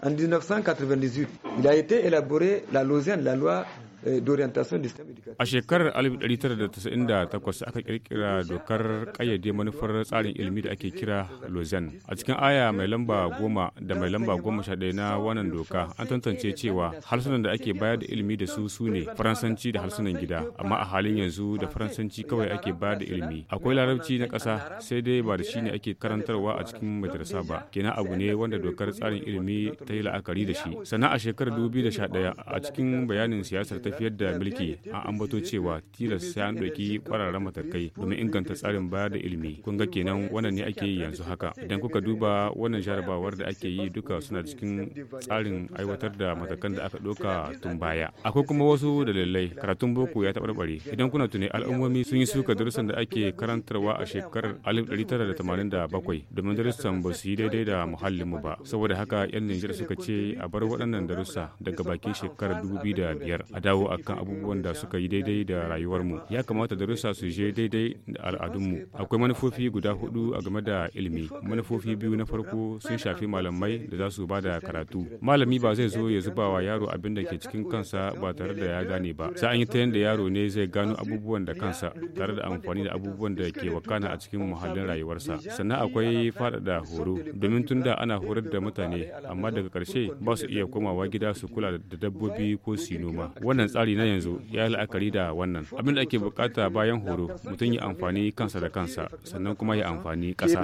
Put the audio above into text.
En 1998, il a été élaboré la Lausanne, la loi Eh, a shekarar 1998 aka kirkira dokar kayyade manufar tsarin ilimi da ake kira Lozen. A cikin aya mai lamba goma da mai lamba goma sha daya na wannan doka an tantance cewa harsunan da ake bayar da ilimi da su su ne Faransanci da harsunan gida, amma a halin yanzu da Faransanci kawai ake bayar da ilimi. Akwai Larabci na ƙasa sai dai ba da shi ne ake karantarwa a cikin madrasa ba. Kenan abu ne wanda dokar tsarin ilimi ta yi la'akari da shi. Sannan a shekarar 2011 a cikin bayanin siyasar tafiyar da mulki an ambato cewa tilas sai an ɗauki ƙwararren matakai domin inganta tsarin bayar da ilimi kun ga kenan wannan ne ake yi yanzu haka idan kuka duba wannan jarabawar da ake yi duka suna cikin tsarin aiwatar da matakan da aka ɗauka tun baya akwai kuma wasu dalilai karatun boko ya taɓarɓare idan kuna tuni al'ummomi sun yi suka darussan da ake karantarwa a shekarar 1987 domin darussan ba su yi daidai da muhallinmu ba saboda haka 'yan Nijar suka ce a bar waɗannan darussa daga bakin shekarar 2005 a dawo dawo kan abubuwan da suka yi daidai da rayuwarmu ya kamata darussa su je daidai da al'adunmu akwai manufofi guda hudu a game da ilimi manufofi biyu na farko sun shafi malamai da za su ba da karatu malami ba zai zo ya zuba wa yaro abin da ke cikin kansa ba tare da ya gane ba sai an yi ta yadda yaro ne zai gano abubuwan da kansa tare da amfani da abubuwan da ke wakana a cikin muhallin rayuwarsa sannan akwai faɗaɗa horo domin tun da ana horar da mutane amma daga karshe ba su iya komawa gida su kula da dabbobi ko su noma wannan wannan tsari na yanzu ya yi la'akari da wannan abin da ake bukata bayan horo mutum ya amfani kansa da kansa sannan kuma ya amfani kasa